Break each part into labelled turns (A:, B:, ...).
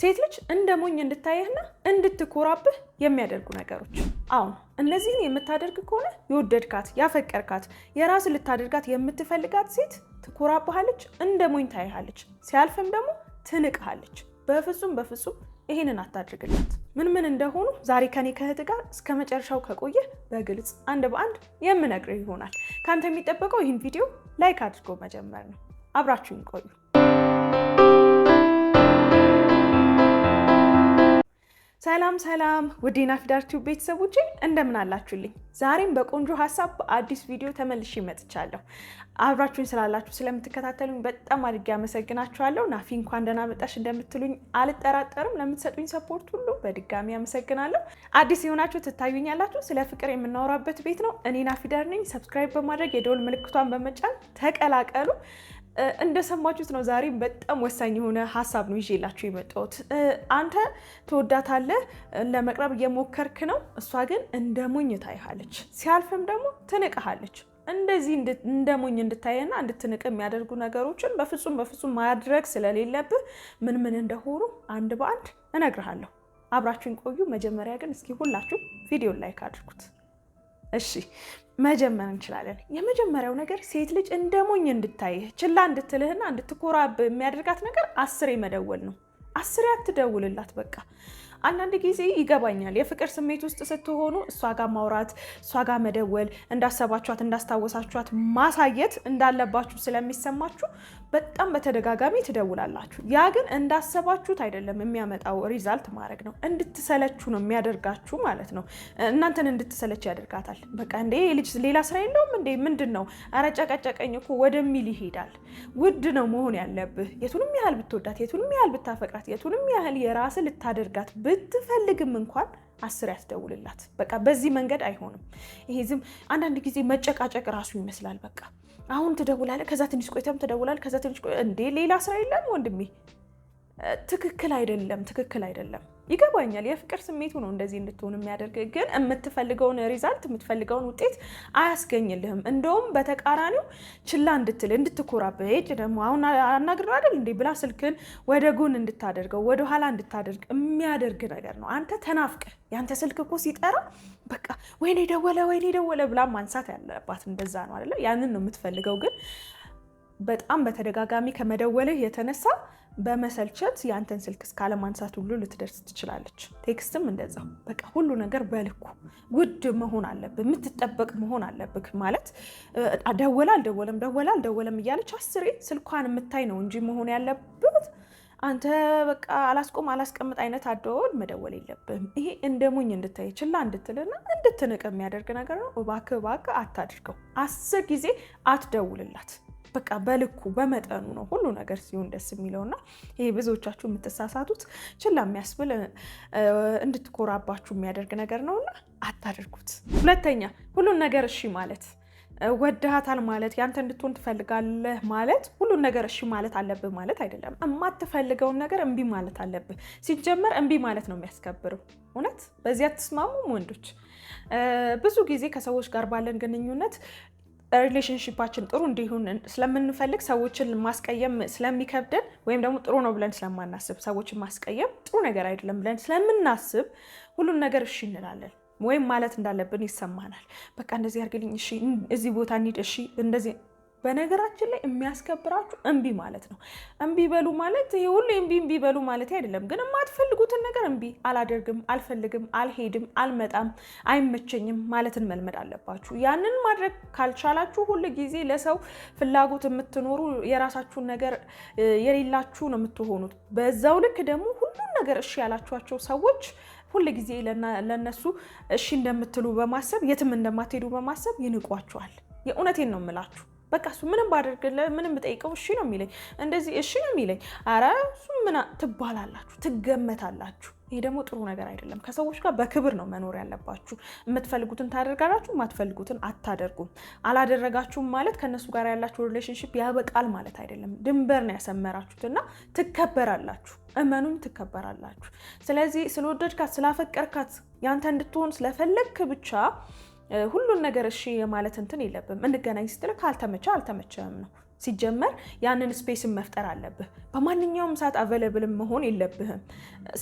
A: ሴት ልጅ እንደ ሞኝ እንድታየህና እንድትኮራብህ የሚያደርጉ ነገሮች። አሁን እነዚህን የምታደርግ ከሆነ የወደድካት ያፈቀርካት የራስ ልታደርጋት የምትፈልጋት ሴት ትኮራብሃለች፣ እንደ ሞኝ ታይሃለች፣ ሲያልፍም ደግሞ ትንቅሃለች። በፍጹም በፍጹም ይህንን አታድርግላት። ምን ምን እንደሆኑ ዛሬ ከኔ ከእህት ጋር እስከ መጨረሻው ከቆየ በግልጽ አንድ በአንድ የምነግርህ ይሆናል። ካንተ የሚጠበቀው ይህን ቪዲዮ ላይክ አድርጎ መጀመር ነው። አብራችሁን ቆዩ። ሰላም ሰላም ውዴና ናፊዳር ቲዩብ ቤተሰቦቼ እንደምን አላችሁልኝ? ዛሬም በቆንጆ ሀሳብ በአዲስ ቪዲዮ ተመልሼ መጥቻለሁ። አብራችሁኝ ስላላችሁ ስለምትከታተሉኝ በጣም አድርጌ አመሰግናችኋለሁ። ናፊ እንኳን ደህና መጣሽ እንደምትሉኝ አልጠራጠርም። ለምትሰጡኝ ሰፖርት ሁሉ በድጋሚ አመሰግናለሁ። አዲስ የሆናችሁ ትታዩኛላችሁ። ስለ ፍቅር የምናወራበት ቤት ነው። እኔ ናፊዳር ነኝ። ሰብስክራይብ በማድረግ የደወል ምልክቷን በመጫን ተቀላቀሉ። እንደሰማችሁት ነው። ዛሬም በጣም ወሳኝ የሆነ ሀሳብ ነው ይዤላችሁ የመጣሁት። አንተ ትወዳታለህ፣ ለመቅረብ እየሞከርክ ነው። እሷ ግን እንደ ሞኝ ታይሃለች፣ ሲያልፍም ደግሞ ትንቅሃለች። እንደዚህ እንደ ሞኝ እንድታየና እንድትንቅ የሚያደርጉ ነገሮችን በፍጹም በፍጹም ማድረግ ስለሌለብህ ምን ምን እንደሆኑ አንድ በአንድ እነግርሃለሁ። አብራችሁን ቆዩ። መጀመሪያ ግን እስኪ ሁላችሁ ቪዲዮን ላይክ አድርጉት። እሺ መጀመር እንችላለን። የመጀመሪያው ነገር ሴት ልጅ እንደ ሞኝ እንድታይህ ችላ እንድትልህና እንድትኮራብ የሚያደርጋት ነገር አስሬ መደወል ነው። አስሬ አትደውልላት በቃ አንዳንድ ጊዜ ይገባኛል፣ የፍቅር ስሜት ውስጥ ስትሆኑ እሷ ጋር ማውራት፣ እሷ ጋር መደወል፣ እንዳሰባችኋት እንዳስታወሳችኋት ማሳየት እንዳለባችሁ ስለሚሰማችሁ በጣም በተደጋጋሚ ትደውላላችሁ። ያ ግን እንዳሰባችሁት አይደለም የሚያመጣው ሪዛልት ማድረግ ነው። እንድትሰለችሁ ነው የሚያደርጋችሁ ማለት ነው። እናንተን እንድትሰለች ያደርጋታል። በቃ እንዴ ልጅ ሌላ ስራ የለውም እንዴ ምንድን ነው ኧረ ጨቀጨቀኝ እኮ ወደሚል ይሄዳል። ውድ ነው መሆን ያለብህ የቱንም ያህል ብትወዳት፣ የቱንም ያህል ብታፈቅራት፣ የቱንም ያህል የራስ ልታደርጋት ብትፈልግም እንኳን አስር ያስደውልላት። በቃ በዚህ መንገድ አይሆንም። ይሄ ዝም አንዳንድ ጊዜ መጨቃጨቅ ራሱ ይመስላል። በቃ አሁን ትደውላለ፣ ከዛ ትንሽ ቆይተም ትደውላል፣ ከዛ ትንሽ እንዴ ሌላ ስራ የለም ወንድሜ። ትክክል አይደለም፣ ትክክል አይደለም። ይገባኛል። የፍቅር ስሜቱ ነው እንደዚህ እንድትሆን የሚያደርግ ግን የምትፈልገውን ሪዛልት የምትፈልገውን ውጤት አያስገኝልህም። እንደውም በተቃራኒው ችላ እንድትል እንድትኮራብህ ሄጅ ደግሞ አሁን አናግር አይደል እንዴ ብላ ስልክን ወደ ጎን እንድታደርገው ወደኋላ እንድታደርግ የሚያደርግ ነገር ነው። አንተ ተናፍቀህ ያንተ ስልክ እኮ ሲጠራ በቃ ወይኔ ደወለ ወይኔ ደወለ ብላ ማንሳት ያለባት እንደዛ ነው አይደለ? ያንን ነው የምትፈልገው ግን በጣም በተደጋጋሚ ከመደወልህ የተነሳ በመሰልቸት የአንተን ስልክ ማንሳት ሁሉ ልትደርስ ትችላለች። ቴክስትም እንደዛው በቃ ሁሉ ነገር በልኩ ውድ መሆን አለብህ፣ የምትጠበቅ መሆን አለብህ። ማለት ደወለ አልደወለም፣ ደወለ አልደወለም እያለች አስሬ ስልኳን የምታይ ነው እንጂ መሆን ያለበት አንተ በቃ አላስቆም አላስቀምጥ አይነት አደወል መደወል የለብህም። ይሄ እንደ ሞኝ እንድታይ ችላ እንድትልና እንድትንቅ የሚያደርግ ነገር ነው። እባክህ እባክህ አታድርገው። አስር ጊዜ አትደውልላት። በቃ በልኩ በመጠኑ ነው ሁሉ ነገር ሲሆን ደስ የሚለውና ይሄ ብዙዎቻችሁ የምትሳሳቱት ችላ የሚያስብል እንድትኮራባችሁ የሚያደርግ ነገር እና አታደርጉት። ሁለተኛ ሁሉን ነገር እሺ ማለት ወድሃታል ማለት ያንተ እንድትሆን ትፈልጋለህ ማለት ሁሉን ነገር እሺ ማለት አለብህ ማለት አይደለም። የማትፈልገውን ነገር እምቢ ማለት አለብህ። ሲጀመር እምቢ ማለት ነው የሚያስከብረው። እውነት በዚህ አትስማሙም? ወንዶች ብዙ ጊዜ ከሰዎች ጋር ባለን ግንኙነት ሪሌሽንሽፓችን ጥሩ እንዲሁን ስለምንፈልግ ሰዎችን ማስቀየም ስለሚከብደን ወይም ደግሞ ጥሩ ነው ብለን ስለማናስብ ሰዎችን ማስቀየም ጥሩ ነገር አይደለም ብለን ስለምናስብ ሁሉን ነገር እሺ እንላለን ወይም ማለት እንዳለብን ይሰማናል። በቃ እንደዚህ አድርግልኝ፣ እሺ፣ እዚህ ቦታ እንሂድ፣ እሺ፣ እንደዚህ በነገራችን ላይ የሚያስከብራችሁ እምቢ ማለት ነው። እምቢ በሉ ማለት ይሄ ሁሉ እምቢ እምቢ በሉ ማለት አይደለም፣ ግን የማትፈልጉትን ነገር እምቢ አላደርግም፣ አልፈልግም፣ አልሄድም፣ አልመጣም፣ አይመቸኝም ማለትን መልመድ አለባችሁ። ያንን ማድረግ ካልቻላችሁ ሁል ጊዜ ለሰው ፍላጎት የምትኖሩ የራሳችሁን ነገር የሌላችሁ ነው የምትሆኑት። በዛው ልክ ደግሞ ሁሉን ነገር እሺ ያላችኋቸው ሰዎች ሁል ጊዜ ለነሱ እሺ እንደምትሉ በማሰብ የትም እንደማትሄዱ በማሰብ ይንቋችኋል። የእውነቴን ነው የምላችሁ። በቃ እሱ ምንም ባደርግልህ ምንም ብጠይቀው እሺ ነው የሚለኝ፣ እንደዚህ እሺ ነው የሚለኝ። አረ እሱ ምን ትባላላችሁ፣ ትገመታላችሁ። ይሄ ደግሞ ጥሩ ነገር አይደለም። ከሰዎች ጋር በክብር ነው መኖር ያለባችሁ። የምትፈልጉትን ታደርጋላችሁ፣ የማትፈልጉትን አታደርጉም። አላደረጋችሁም ማለት ከእነሱ ጋር ያላችሁ ሪሌሽንሽፕ ያበቃል ማለት አይደለም። ድንበር ነው ያሰመራችሁትና ትከበራላችሁ። እመኑኝ ትከበራላችሁ። ስለዚህ ስለወደድካት ስላፈቀርካት ያንተ እንድትሆን ስለፈለግክ ብቻ ሁሉን ነገር እሺ የማለት እንትን የለብም። እንገናኝ ስትል ካልተመቸ አልተመቸም ነው። ሲጀመር ያንን ስፔስን መፍጠር አለብህ። በማንኛውም ሰዓት አቬለብልም መሆን የለብህም።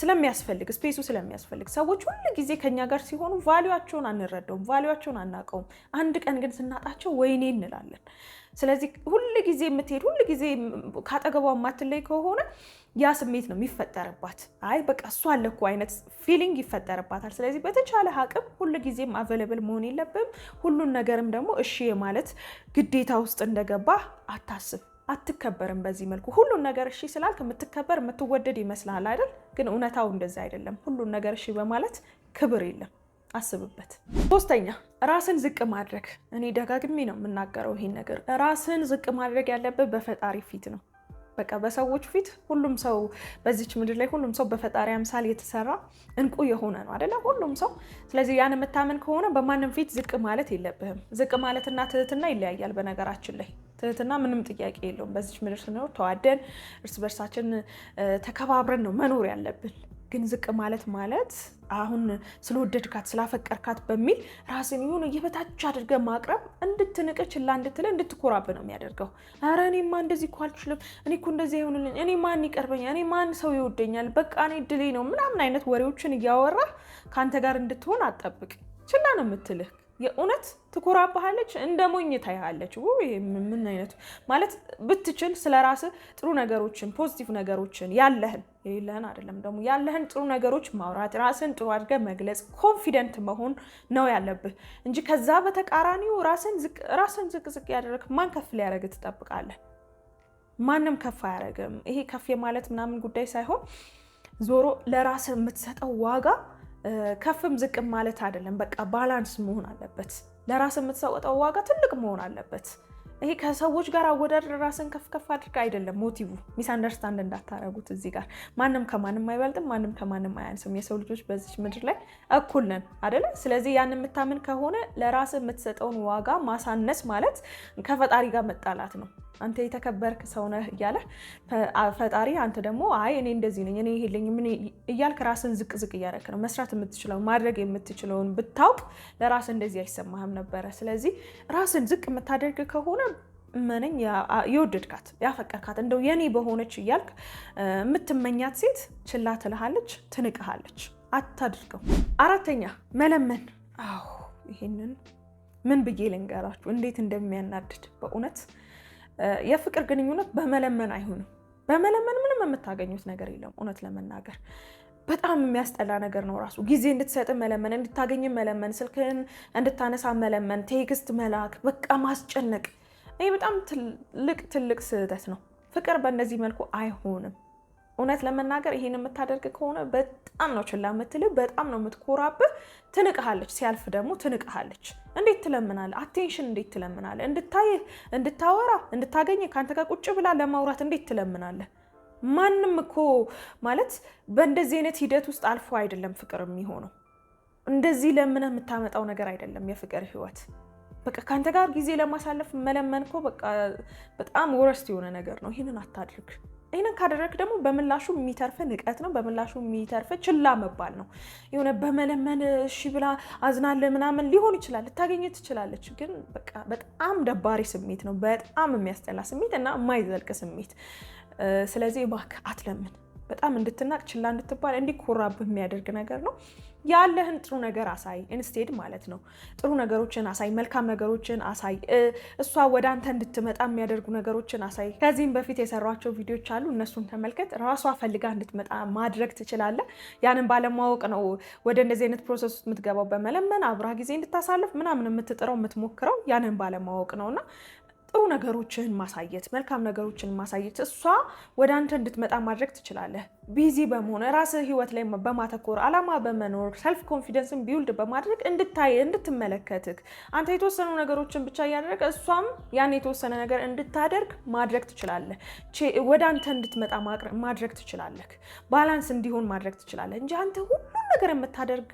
A: ስለሚያስፈልግ ስፔሱ ስለሚያስፈልግ ሰዎች ሁሉ ጊዜ ከኛ ጋር ሲሆኑ ቫሊዋቸውን አንረዳውም፣ ቫሊዋቸውን አናውቀውም። አንድ ቀን ግን ስናጣቸው ወይኔ እንላለን። ስለዚህ ሁል ጊዜ የምትሄድ ሁል ጊዜ ካጠገቧ የማትለይ ከሆነ ያ ስሜት ነው የሚፈጠርባት። አይ በቃ እሱ አለ እኮ አይነት ፊሊንግ ይፈጠርባታል። ስለዚህ በተቻለ አቅም ሁል ጊዜም አቬለብል መሆን የለብም። ሁሉን ነገርም ደግሞ እሺ የማለት ግዴታ ውስጥ እንደገባ አታስብ። አትከበርም በዚህ መልኩ ሁሉን ነገር እሺ ስላልክ የምትከበር የምትወደድ ይመስላል አይደል? ግን እውነታው እንደዚ አይደለም። ሁሉን ነገር እሺ በማለት ክብር የለም። አስብበት። ሶስተኛ ራስን ዝቅ ማድረግ። እኔ ደጋግሜ ነው የምናገረው ይሄን ነገር። ራስን ዝቅ ማድረግ ያለበት በፈጣሪ ፊት ነው። በቃ በሰዎች ፊት ሁሉም ሰው በዚች ምድር ላይ ሁሉም ሰው በፈጣሪ አምሳል የተሰራ እንቁ የሆነ ነው አደለ? ሁሉም ሰው። ስለዚህ ያን የምታምን ከሆነ በማንም ፊት ዝቅ ማለት የለብህም። ዝቅ ማለትና ትህትና ይለያያል። በነገራችን ላይ ትህትና ምንም ጥያቄ የለውም። በዚች ምድር ስንኖር ተዋደን እርስ በርሳችን ተከባብረን ነው መኖር ያለብን። ግን ዝቅ ማለት ማለት አሁን ስለወደድካት ስላፈቀርካት በሚል ራስን የሆነ የበታች አድርገ ማቅረብ እንድትንቅ ችላ እንድትለ እንድትኮራብ ነው የሚያደርገው። ኧረ እኔማ እንደዚህ እኮ አልችልም፣ እኔ እኮ እንደዚህ አይሆንልኝ፣ እኔ ማን ይቀርበኛል፣ እኔ ማን ሰው ይወደኛል፣ በቃ እኔ ድሌ ነው ምናምን አይነት ወሬዎችን እያወራ ከአንተ ጋር እንድትሆን አጠብቅ። ችላ ነው የምትልህ የእውነት ትኮራባሃለች። እንደ ሞኝ ታያለች። ምን አይነቱ ማለት ብትችል ስለ ራስ ጥሩ ነገሮችን ፖዚቲቭ ነገሮችን ያለህን የሌለህን አይደለም። ደግሞ ያለህን ጥሩ ነገሮች ማውራት፣ ራስን ጥሩ አድርገህ መግለጽ፣ ኮንፊደንት መሆን ነው ያለብህ እንጂ ከዛ በተቃራኒው ራስን ዝቅ ዝቅ ያደረግ ማን ከፍ ሊያደርግ ትጠብቃለህ? ማንም ከፍ አያደርግም። ይሄ ከፍ የማለት ምናምን ጉዳይ ሳይሆን ዞሮ ለራስ የምትሰጠው ዋጋ ከፍም ዝቅም ማለት አይደለም። በቃ ባላንስ መሆን አለበት። ለራስ የምትሰጠው ዋጋ ትልቅ መሆን አለበት። ይሄ ከሰዎች ጋር አወዳደር ራስን ከፍ ከፍ አይደለም። ሞቲቭ ሚስ አንደርስታንድ እንዳታረጉት እዚህ ጋር ማንም ከማንም አይበልጥም፣ ማንም ከማንም አያንስም። የሰው ልጆች በዚች ምድር ላይ እኩል ነን አደለ? ስለዚህ ያን የምታምን ከሆነ ለራስ የምትሰጠውን ዋጋ ማሳነስ ማለት ከፈጣሪ ጋር መጣላት ነው። አንተ የተከበርክ ሰው ነህ እያለ ፈጣሪ አንተ ደግሞ አይ እኔ እንደዚህ ነኝ እኔ ይሄለኝ ምን እያልክ ራስን ዝቅ ዝቅ እያደረክ ነው። መስራት የምትችለው ማድረግ የምትችለውን ብታውቅ ለራስ እንደዚህ አይሰማህም ነበረ። ስለዚህ ራስን ዝቅ የምታደርግ ከሆነ መነኝ የወደድካት ያፈቀርካት እንደው የኔ በሆነች እያልክ የምትመኛት ሴት ችላ ትልሃለች፣ ትንቅሃለች። አታድርገው። አራተኛ መለመን። አዎ ይሄንን ምን ብዬ ልንገራችሁ እንዴት እንደሚያናድድ በእውነት የፍቅር ግንኙነት በመለመን አይሆንም። በመለመን ምንም የምታገኙት ነገር የለም። እውነት ለመናገር በጣም የሚያስጠላ ነገር ነው። ራሱ ጊዜ እንድትሰጥ መለመን፣ እንድታገኝ መለመን፣ ስልክህን እንድታነሳ መለመን፣ ቴክስት መላክ፣ በቃ ማስጨነቅ። ይህ በጣም ትልቅ ትልቅ ስህተት ነው። ፍቅር በእነዚህ መልኩ አይሆንም። እውነት ለመናገር ይሄን የምታደርግ ከሆነ በጣም ነው ችላ የምትልህ፣ በጣም ነው የምትኮራብህ። ትንቅሃለች፣ ሲያልፍ ደግሞ ትንቅሃለች። እንዴት ትለምናለህ? አቴንሽን እንዴት ትለምናለህ? እንድታይህ፣ እንድታወራ፣ እንድታገኘ ከአንተ ጋር ቁጭ ብላ ለማውራት እንዴት ትለምናለህ? ማንም እኮ ማለት በእንደዚህ አይነት ሂደት ውስጥ አልፎ አይደለም ፍቅር የሚሆነው። እንደዚህ ለምነህ የምታመጣው ነገር አይደለም የፍቅር ህይወት። በቃ ከአንተ ጋር ጊዜ ለማሳለፍ መለመን እኮ በቃ በጣም ወረስት የሆነ ነገር ነው። ይህንን አታድርግ። ይህንን ካደረግ ደግሞ በምላሹ የሚተርፍ ንቀት ነው። በምላሹ የሚተርፍ ችላ መባል ነው። የሆነ በመለመን እሺ ብላ አዝናለ ምናምን ሊሆን ይችላል፣ ልታገኝ ትችላለች። ግን በጣም ደባሪ ስሜት ነው። በጣም የሚያስጠላ ስሜት እና የማይዘልቅ ስሜት። ስለዚህ እባክህ አትለምን። በጣም እንድትናቅ ችላ እንድትባል እንዲኮራብህ የሚያደርግ ነገር ነው። ያለህን ጥሩ ነገር አሳይ ኢንስቴድ ማለት ነው። ጥሩ ነገሮችን አሳይ፣ መልካም ነገሮችን አሳይ፣ እሷ ወደ አንተ እንድትመጣ የሚያደርጉ ነገሮችን አሳይ። ከዚህም በፊት የሰሯቸው ቪዲዮዎች አሉ፣ እነሱን ተመልከት። ራሷ ፈልጋ እንድትመጣ ማድረግ ትችላለህ። ያንን ባለማወቅ ነው ወደ እንደዚህ አይነት ፕሮሰስ የምትገባው። በመለመን አብራ ጊዜ እንድታሳልፍ ምናምን የምትጥረው የምትሞክረው ያንን ባለማወቅ ነውና ጥሩ ነገሮችህን ማሳየት፣ መልካም ነገሮችን ማሳየት፣ እሷ ወደ አንተ እንድትመጣ ማድረግ ትችላለህ። ቢዚ በመሆን ራስ ህይወት ላይ በማተኮር አላማ በመኖር ሰልፍ ኮንፊደንስን ቢውልድ በማድረግ እንድታይ እንድትመለከትክ አንተ የተወሰኑ ነገሮችን ብቻ እያደረግ እሷም ያን የተወሰነ ነገር እንድታደርግ ማድረግ ትችላለህ። ወደ አንተ እንድትመጣ ማድረግ ትችላለህ። ባላንስ እንዲሆን ማድረግ ትችላለህ እንጂ አንተ ሁሉን ነገር የምታደርግ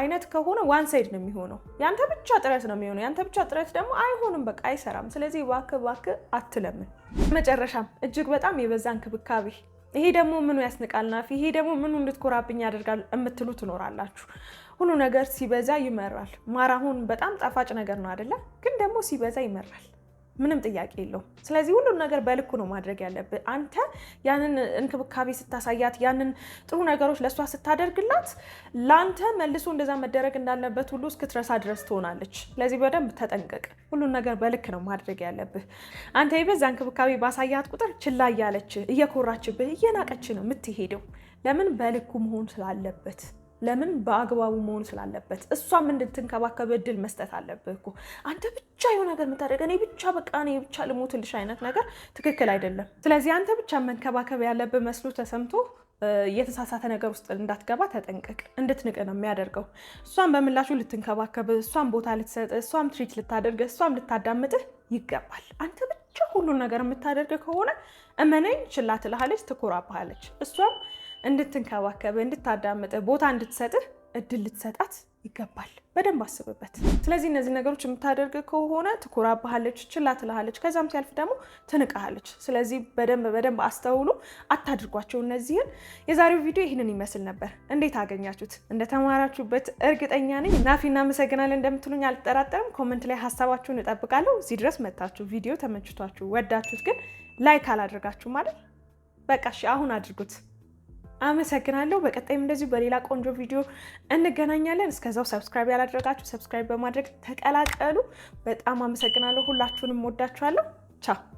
A: አይነት ከሆነ ዋን ሳይድ ነው የሚሆነው። ያንተ ብቻ ጥረት ነው የሚሆነው። ያንተ ብቻ ጥረት ደግሞ አይሆንም፣ በቃ አይሰራም። ስለዚህ እባክህ እባክህ አትለምን። መጨረሻም እጅግ በጣም የበዛ እንክብካቤ ይሄ ደግሞ ምኑ ያስንቃል ናፊ፣ ይሄ ደግሞ ምኑ እንድትኮራብኝ ያደርጋል የምትሉ ትኖራላችሁ። ሁሉ ነገር ሲበዛ ይመራል። ማር አሁን በጣም ጣፋጭ ነገር ነው አይደለ? ግን ደግሞ ሲበዛ ይመራል። ምንም ጥያቄ የለውም። ስለዚህ ሁሉን ነገር በልኩ ነው ማድረግ ያለብህ። አንተ ያንን እንክብካቤ ስታሳያት፣ ያንን ጥሩ ነገሮች ለእሷ ስታደርግላት፣ ለአንተ መልሶ እንደዛ መደረግ እንዳለበት ሁሉ እስክትረሳ ድረስ ትሆናለች። ስለዚህ በደንብ ተጠንቀቅ። ሁሉን ነገር በልክ ነው ማድረግ ያለብህ። አንተ የበዛ እንክብካቤ ባሳያት ቁጥር ችላ እያለች እየኮራችብህ፣ እየናቀች ነው የምትሄደው። ለምን በልኩ መሆን ስላለበት ለምን በአግባቡ መሆን ስላለበት እሷም እንድትንከባከብ እድል መስጠት አለብህ እኮ። አንተ ብቻ የሆነ ነገር የምታደርገ እኔ ብቻ በቃ እኔ ብቻ ልሞትልሽ አይነት ነገር ትክክል አይደለም። ስለዚህ አንተ ብቻ መንከባከብ ያለብህ መስሎ ተሰምቶ የተሳሳተ ነገር ውስጥ እንዳትገባ ተጠንቀቅ። እንድትንቅ ነው የሚያደርገው። እሷም በምላሹ ልትንከባከብ፣ እሷም ቦታ ልትሰጥ፣ እሷም ትሪት ልታደርግ፣ እሷም ልታዳምጥህ ይገባል። አንተ ብቻ ሁሉን ነገር የምታደርግ ከሆነ እመነኝ ችላ ትልሃለች፣ ትኮራብሃለች እሷም እንድትንከባከብ፣ እንድታዳምጥ፣ ቦታ እንድትሰጥህ እድል ልትሰጣት ይገባል። በደንብ አስብበት። ስለዚህ እነዚህ ነገሮች የምታደርግ ከሆነ ትኮራብሃለች፣ ችላ ትልሃለች፣ ከዛም ሲያልፍ ደግሞ ትንቅሃለች። ስለዚህ በደንብ በደንብ አስተውሉ፣ አታድርጓቸው እነዚህን። የዛሬው ቪዲዮ ይህንን ይመስል ነበር። እንዴት አገኛችሁት? እንደተማራችሁበት እርግጠኛ ነኝ። ናፊ እናመሰግናለን እንደምትሉኝ አልጠራጠርም። ኮመንት ላይ ሀሳባችሁን እጠብቃለሁ። እዚህ ድረስ መታችሁ ቪዲዮ ተመችቷችሁ ወዳችሁት ግን ላይክ አላደርጋችሁ ማለት በቃ እሺ፣ አሁን አድርጉት። አመሰግናለሁ። በቀጣይም እንደዚሁ በሌላ ቆንጆ ቪዲዮ እንገናኛለን። እስከዛው ሰብስክራይብ ያላደረጋችሁ ሰብስክራይብ በማድረግ ተቀላቀሉ። በጣም አመሰግናለሁ። ሁላችሁንም ወዳችኋለሁ። ቻው